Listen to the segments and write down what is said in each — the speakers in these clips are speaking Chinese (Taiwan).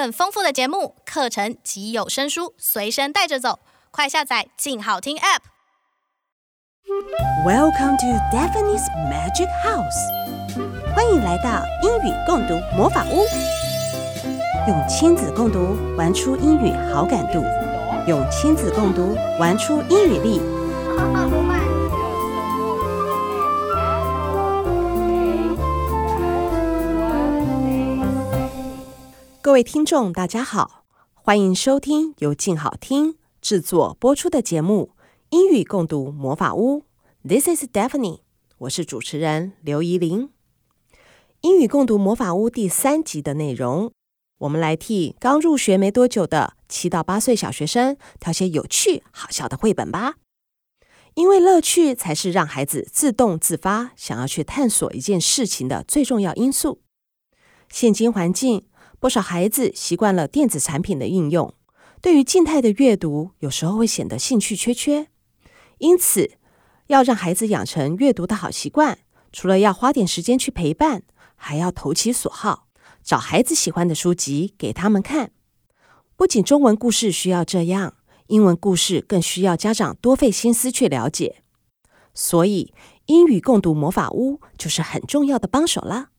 更豐富的節目、課程及有聲書隨身帶着走，快下載“鏡好聽 ”App。Welcome to Daphne's Magic House。歡迎來到英語共讀魔法屋。用親子共讀玩出英語好感度，用親子共讀玩出英語力。各位聽眾，大家好，歡迎收聽由靜好聽制作播出的節目《英語共讀魔法屋》。This is Daphne，我是主持人劉怡伶。英語共讀魔法屋第三集的內容，我們來替剛入學沒多久的七到八歲小學生挑些有趣好笑的繪本吧。因為樂趣才是讓孩子自動自發想要去探索一件事情的最重要因素。現今環境。不少孩子習慣了電子產品的應用，對於靜態的閱讀，有時候會顯得興趣缺缺。因此，要讓孩子養成閱讀的好習慣，除了要花點時間去陪伴，還要投其所好，找孩子喜歡的書籍給他們看。不僅中文故事需要這樣，英文故事更需要家長多費心思去了解。所以，英語共讀魔法屋就是很重要的幫手啦。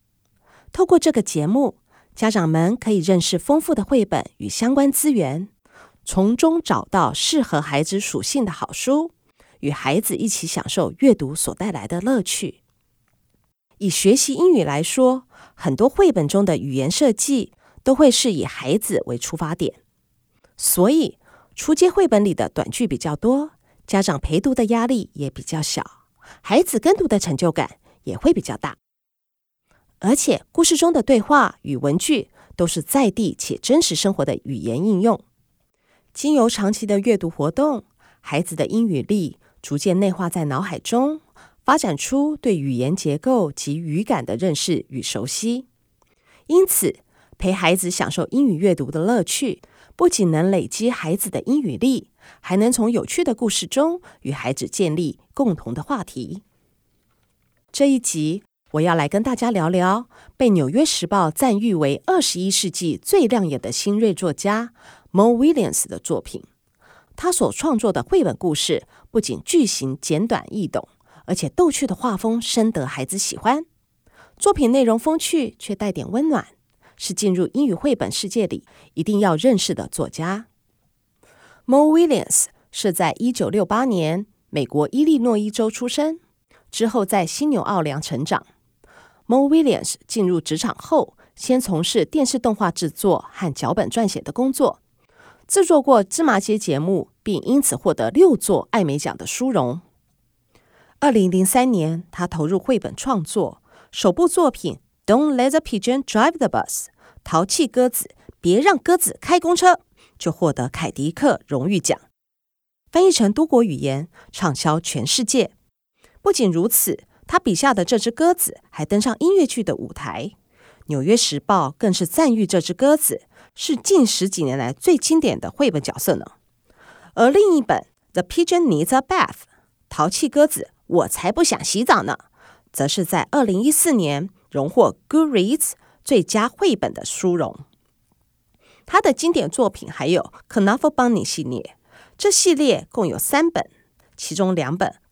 透過這個節目，家長們可以認識豐富的繪本與相關資源，從中找到適合孩子屬性的好書，與孩子一起享受閱讀所帶來的樂趣。以學習英語來說，很多繪本中的語言設計都會是以孩子為出發點，所以初階繪本裡的短句比較多，家長陪讀的壓力也比較小，孩子跟讀的成就感也會比較大。而且，故事中的對話與文句都是在地且真實生活的語言應用。經由長期的閱讀活動，孩子的英語力逐漸內化在腦海中，發展出對語言結構及語感的認識與熟悉。因此，陪孩子享受英語閱讀的樂趣，不僅能累積孩子的英語力，還能從有趣的故事中與孩子建立共同的話題。這一集，我要來跟大家聊聊被《紐約時報》讚譽為二十一世紀最亮眼的新銳作家 Mo Willems 的作品。他所創作的繪本故事不僅句型簡短易懂，而且逗趣的畫風深得孩子喜歡。作品內容風趣卻帶點溫暖，是進入英語繪本世界裡一定要認識的作家。Mo Willems 是在一九六八年美國伊利諾伊州出生，之後在新紐奧良成長。Mo Willems 進入職場後，先從事電視動畫製作和腳本撰寫的工作，製作過芝麻街節目，並因此獲得六座艾美獎的殊榮。二零零三年，他投入繪本創作，首部作品《Don't Let the Pigeon Drive the Bus》（淘氣鴿子別讓鴿子開公車）就獲得凱迪克榮譽獎，翻譯成多國語言，暢銷全世界。不僅如此。他筆下的這隻鴿子還登上音樂劇的舞台，《紐約時報》更是讚譽這隻鴿子是近十幾年來最經典的繪本角色呢。而另一本《The Pigeon Needs a Bath》，淘氣鴿子，我才不想洗澡呢，則是在二零一四年榮獲 Goodreads 最佳繪本的殊榮。他的經典作品還有《Knuffle Bunny》系列，這系列共有三本，其中兩本。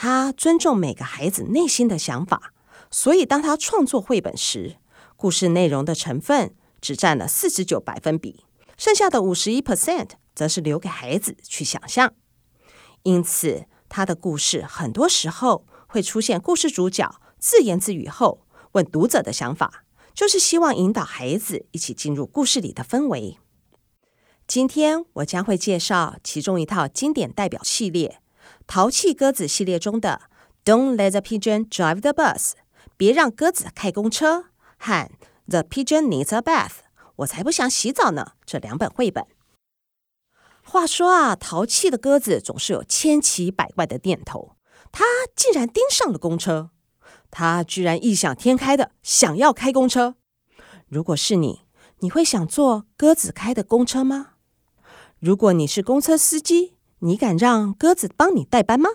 他尊重每個孩子內心的想法，所以當他創作繪本時，故事內容的成分只佔了四十九百分比，剩下的五十一 percent 則是留給孩子去想象。因此，他的故事很多時候會出現故事主角自言自語後問讀者的想法，就是希望引導孩子一起進入故事裡的氛圍。今天我將會介紹其中一套經典代表系列。《淘氣鴿子》系列中的 "Don't let the pigeon drive the bus，別讓鴿子開公車"和 "The pigeon needs a bath，我才不想洗澡呢"這兩本繪本。話說啊，淘氣的鴿子總是有千奇百怪的念頭，它竟然盯上了公車，它居然異想天開的想要開公車。如果是你，你會想坐鴿子開的公車嗎？如果你是公車司機，你敢讓鴿子幫你代班嗎？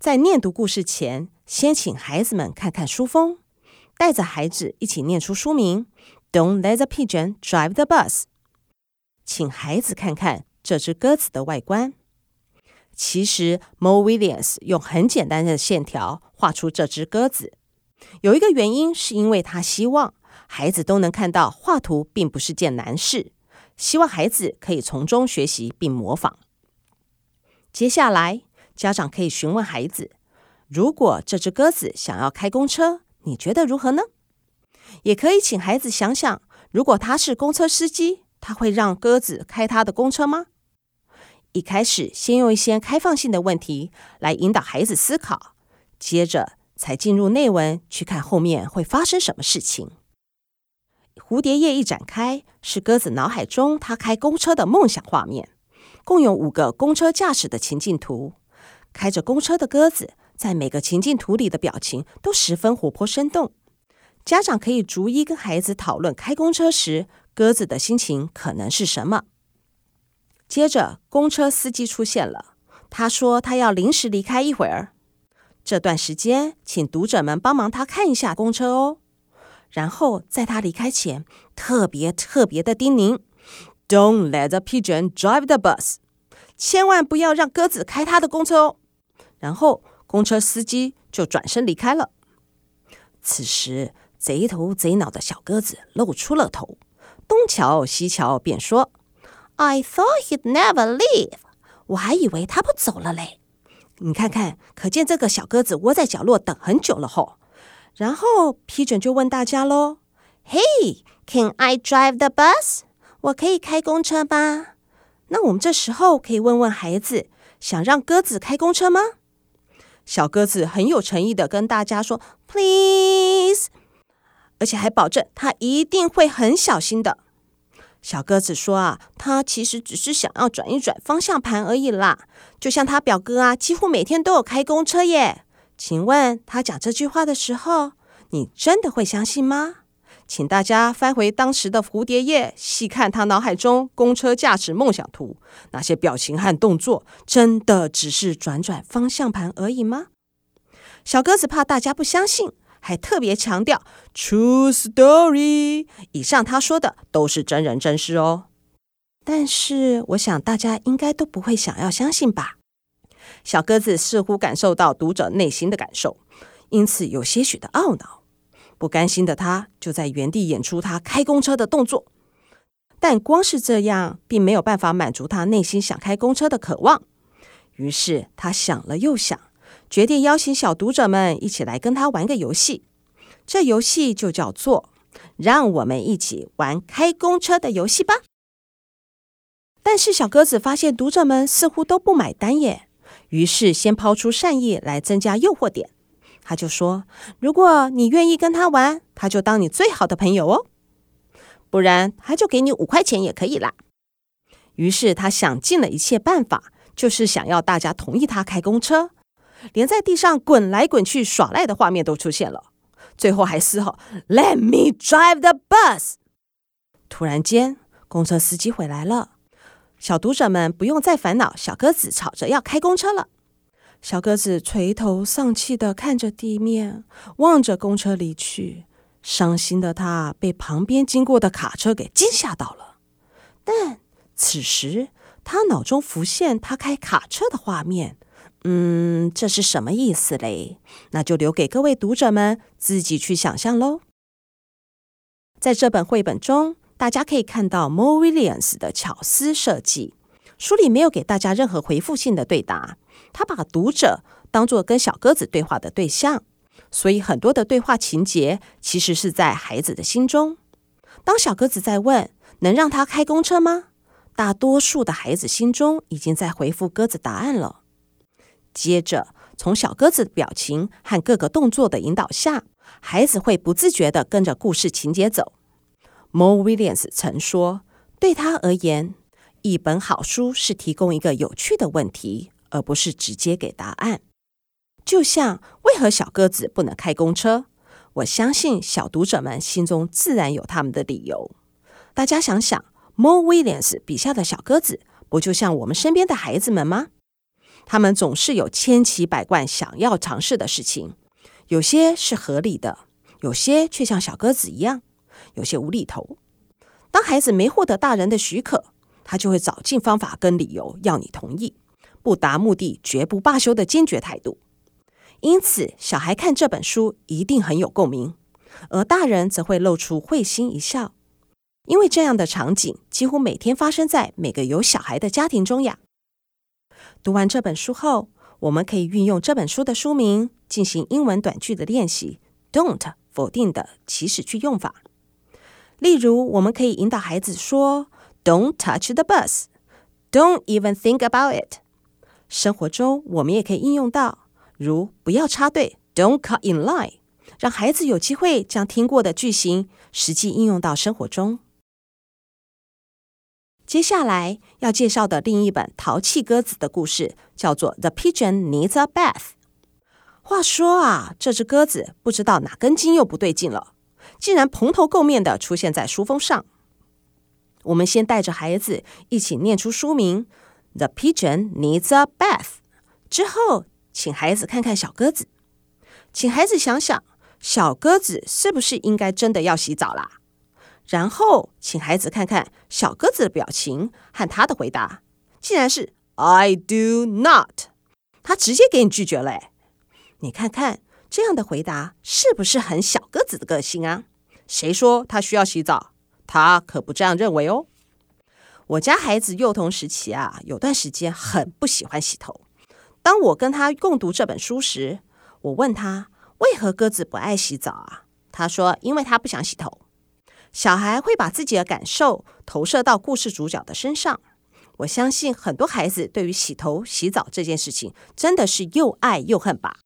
在念讀故事前，先請孩子們看看書封，帶着孩子一起念出書名。Don't let the pigeon drive the bus。請孩子看看這只鴿子的外觀。其實，Mo Willems 用很簡單的線條畫出這只鴿子，有一個原因是因為他希望孩子都能看到畫圖並不是件難事，希望孩子可以從中學習並模仿。接下來，家長可以詢問孩子：“如果這隻鴿子想要開公車，你覺得如何呢？”也可以請孩子想想，如果他是公車司機，他會讓鴿子開他的公車嗎？一開始，先用一些開放性的問題來引導孩子思考，接着才進入內文，去看後面會發生什麼事情。蝴蝶頁一展開，是鴿子腦海中他開公車的夢想畫面。共有五個公車駕駛的情境圖，開着公車的鴿子在每個情境圖裡的表情都十分活潑生動。家長可以逐一跟孩子討論開公車時鴿子的心情可能是什麼。接着，公車司機出現了，他說他要臨時離開一會兒，這段時間請讀者們幫忙他看一下公車哦。然後在他離開前，特別特別的叮嚀。Don't let the pigeon drive the bus，千萬不要讓鴿子開他的公車哦。然後公車司機就轉身離開了。此時賊頭賊腦的小鴿子露出了頭，東瞧西瞧，便說：“I thought he'd never leave，我還以為他不走了嘞。”你看看，可見這個小鴿子窩在角落等很久了哈、哦。然後 pigeon 就問大家嘍：“Hey，can I drive the bus？” 我可以開公車吧？那我們這時候可以問問孩子，想讓鴿子開公車嗎？小鴿子很有誠意的跟大家說：“Please！” 而且還保證他一定會很小心的。小鴿子說：“啊，他其實只是想要轉一轉方向盤而已啦，就像他表哥啊，幾乎每天都有開公車耶。”請問他講這句話的時候，你真的會相信嗎？請大家翻回當時的蝴蝶頁，細看他腦海中公車駕駛夢想圖，那些表情和動作，真的只是轉轉方向盤而已嗎？小鴿子怕大家不相信，還特別強調：True story，以上他說的都是真人真事哦。但是，我想大家應該都不會想要相信吧？小鴿子似乎感受到讀者內心的感受，因此有些許的懊惱。不甘心的他就在原地演出他開公車的動作，但光是這樣並沒有辦法滿足他內心想開公車的渴望。於是他想了又想，決定邀請小讀者們一起來跟他玩個遊戲。這遊戲就叫做“讓我們一起玩開公車的遊戲吧”。但是小鴿子發現讀者們似乎都不買單耶，於是先拋出善意來增加誘惑點。他就說：“如果你願意跟他玩，他就當你最好的朋友哦；不然，他就給你五塊錢也可以啦。”於是他想盡了一切辦法，就是想要大家同意他開公車，連在地上滾來滾去耍賴的畫面都出現了。最後還嘶吼：“Let me drive the bus！” 突然間，公車司機回來了，小讀者們不用再煩惱小鴿子吵着要開公車了。小鴿子垂頭喪氣的看着地面，望着公車離去，傷心的他被旁邊經過的卡車給驚嚇到了。但此時他腦中浮現他開卡車的畫面，嗯，這是什麼意思嘞？那就留給各位讀者們自己去想象嘍。在這本繪本中，大家可以看到 Mo Willems 的巧思設計。書裡沒有給大家任何回復性的對答。他把讀者當作跟小鴿子對話的對象，所以很多的對話情節其實是在孩子的心中。當小鴿子在問“能讓他開公車嗎”，大多數的孩子心中已經在回復鴿子答案了。接着，從小鴿子的表情和各個動作的引導下，孩子會不自覺地跟着故事情節走。Mo Willems 曾說：“對他而言，一本好書是提供一個有趣的問題。”而不是直接給答案。就像為何小鴿子不能開公車？我相信小讀者們心中自然有他們的理由。大家想想，Mo Willems 筆下的小鴿子不就像我們身邊的孩子們嗎？他們總是有千奇百怪想要嘗試的事情，有些是合理的，有些卻像小鴿子一樣，有些無厘頭。當孩子沒獲得大人的許可，他就會找盡方法跟理由要你同意。不達目的絕不罷休的堅決態度，因此小孩看這本書一定很有共鳴，而大人則會露出會心一笑，因為這樣的場景幾乎每天發生在每個有小孩的家庭中呀。讀完這本書後，我們可以運用這本書的書名進行英文短句的練習。Don't, don't 否定的祈使句用法，例如，我們可以引導孩子說：“Don't touch the bus. Don't even think about it.” 生活中我們也可以應用到，如不要插隊，Don't cut in line，讓孩子有機會將聽過的句型實際應用到生活中。接下來要介紹的另一本淘氣鴿子的故事叫做《The Pigeon Needs a Bath》。話說啊，這隻鴿子不知道哪根筋又不對勁了，竟然蓬頭垢面的出現在書封上。我們先帶着孩子一起念出書名。The pigeon needs a bath。之後，請孩子看看小鴿子，請孩子想想，小鴿子是不是應該真的要洗澡啦？然後，請孩子看看小鴿子的表情和他的回答，竟然是 "I do not"，他直接給你拒絕了誒。你看看這樣的回答是不是很小鴿子的個性啊？誰說他需要洗澡？他可不這樣認為哦。我家孩子幼童時期啊，有段時間很不喜歡洗頭。當我跟他共讀這本書時，我問他為何鴿子不愛洗澡啊？他說因為他不想洗頭。小孩會把自己的感受投射到故事主角的身上。我相信很多孩子對於洗頭、洗澡這件事情真的是又愛又恨吧。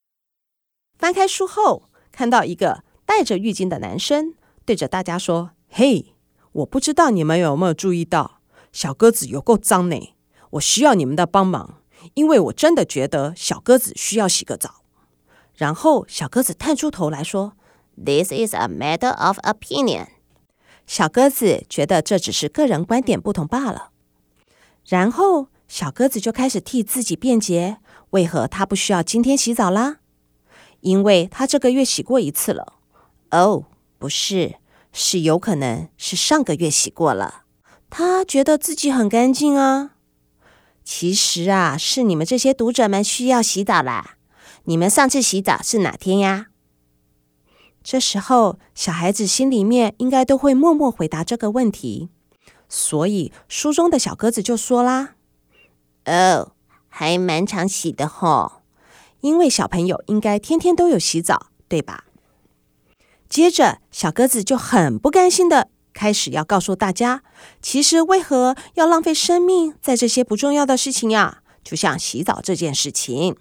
翻開書後，看到一個戴着浴巾的男生對着大家說：“嘿、hey，我不知道你們有沒有注意到。”小鴿子有夠髒呢，我需要你們的幫忙，因為我真的覺得小鴿子需要洗個澡。然後小鴿子探出頭來說：“This is a matter of opinion.” 小鴿子覺得這只是個人觀點不同罷了。然後小鴿子就開始替自己辯解，為何他不需要今天洗澡啦？因為他這個月洗過一次了。哦，不是，是有可能是上個月洗過了。他覺得自己很乾淨啊，其實啊，是你們這些讀者們需要洗澡啦。你們上次洗澡是哪天呀？這時候，小孩子心裡面應該都會默默回答這個問題。所以，書中的小鴿子就說啦：“哦，還蠻常洗的吼，因為小朋友應該天天都有洗澡，對吧？”接着，小鴿子就很不甘心的。開始要告訴大家，其實為何要浪費生命在這些不重要的事情呀？就像洗澡這件事情。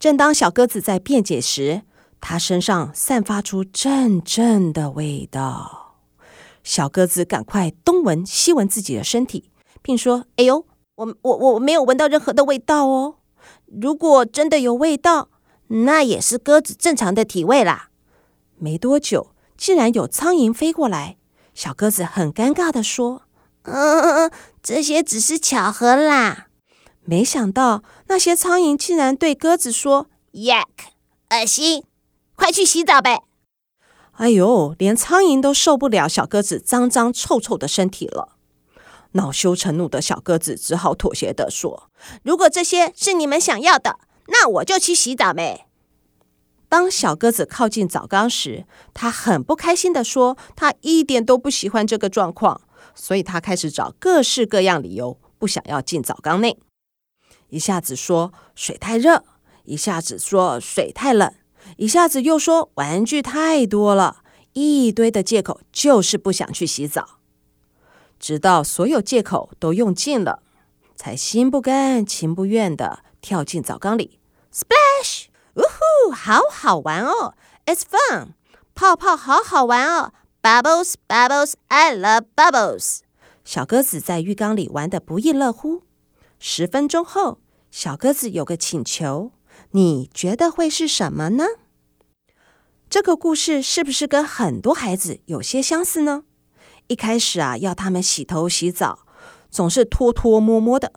正當小鴿子在辯解時，它身上散發出陣陣的味道。小鴿子趕快東聞西聞自己的身體，並說：“哎呦，我我我沒有聞到任何的味道哦。如果真的有味道，那也是鴿子正常的體味啦。”沒多久，竟然有蒼蠅飛過來，小鴿子很尷尬地說：“嗯、呃，這些只是巧合啦。”沒想到那些蒼蠅竟然對鴿子說：“Yuck，噁心，快去洗澡唄！”哎呦，連蒼蠅都受不了小鴿子髒髒臭臭的身體了。惱羞成怒的小鴿子只好妥協地說：“如果這些是你們想要的，那我就去洗澡唄。”當小鴿子靠近澡缸時，它很不開心地說：“他一點都不喜歡這個狀況，所以他開始找各式各樣理由，不想要進澡缸內。一下子說水太熱，一下子說水太冷，一下子又說玩具太多了，一堆的借口就是不想去洗澡。直到所有借口都用盡了，才心不甘情不願地跳進澡缸裡，Splash。”哦，好好玩哦！It's fun，泡泡好好玩哦！Bubbles, bubbles, I love bubbles。小鴿子在浴缸裡玩得不亦樂乎。十分鐘後，小鴿子有個請求，你覺得會是什麼呢？這個故事是不是跟很多孩子有些相似呢？一開始啊，要他們洗頭洗澡，總是拖拖摸摸的，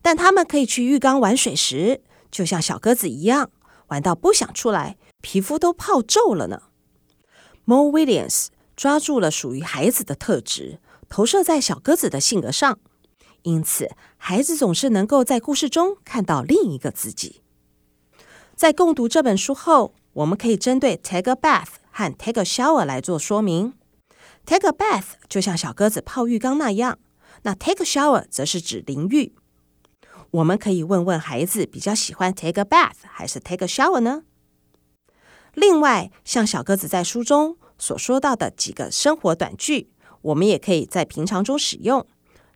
但他們可以去浴缸玩水時，就像小鴿子一樣。玩到不想出來，皮膚都泡皺了呢。Mo Willems 抓住了屬於孩子的特質，投射在小鴿子的性格上，因此孩子總是能夠在故事中看到另一個自己。在共讀這本書後，我們可以針對 take a bath 和 take a shower 來做說明。take a bath 就像小鴿子泡浴缸那樣，那 take a shower 則是指淋浴。我們可以問問孩子，比較喜歡 take a bath 還是 take a shower 呢？另外，像小鴿子在書中所說到的幾個生活短句，我們也可以在平常中使用，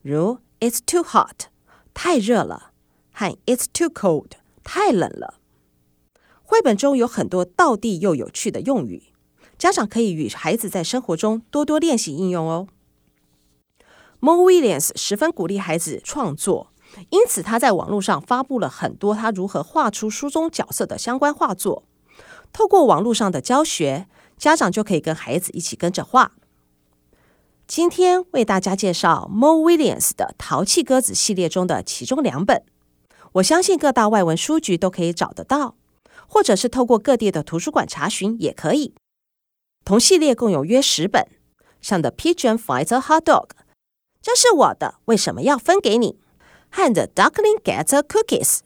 如 "It's too hot" 太熱了，和 "It's too cold" 太冷了。繪本中有很多道地又有趣的用語，家長可以與孩子在生活中多多練習應用哦。Mo Willems 十分鼓勵孩子創作。因此，他在網絡上發布了很多他如何畫出書中角色的相關畫作。透過網絡上的教學，家長就可以跟孩子一起跟着畫。今天為大家介紹 Mo Willems 的《淘氣鴿子》系列中的其中兩本。我相信各大外文書局都可以找得到，或者是透過各地的圖書館查詢也可以。同系列共有約十本，像《The Pigeon Finds a Hot Dog》，這是我的，為什麼要分給你？And duckling gets cookies。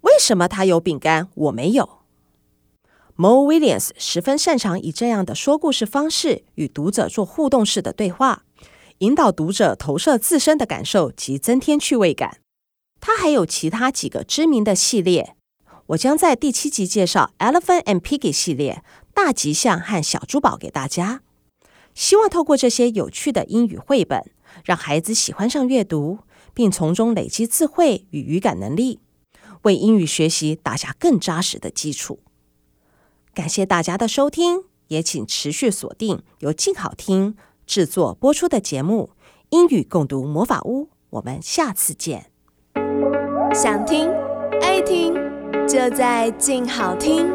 為什麼他有餅乾，我沒有？Mo Willems 十分擅長以這樣的說故事方式與讀者做互動式的對話，引導讀者投射自身的感受及增添趣味感。他還有其他幾個知名的系列，我將在第七集介紹《Elephant and Piggie》系列《大吉象》和《小豬寶》給大家。希望透過這些有趣的英語繪本，讓孩子喜歡上閱讀。並從中累積智慧與語感能力，為英語學習打下更紮實的基礎。感謝大家的收聽，也請持續鎖定由靜好聽制作播出的節目《英語共讀魔法屋》。我們下次見！想聽愛聽，就在靜好聽。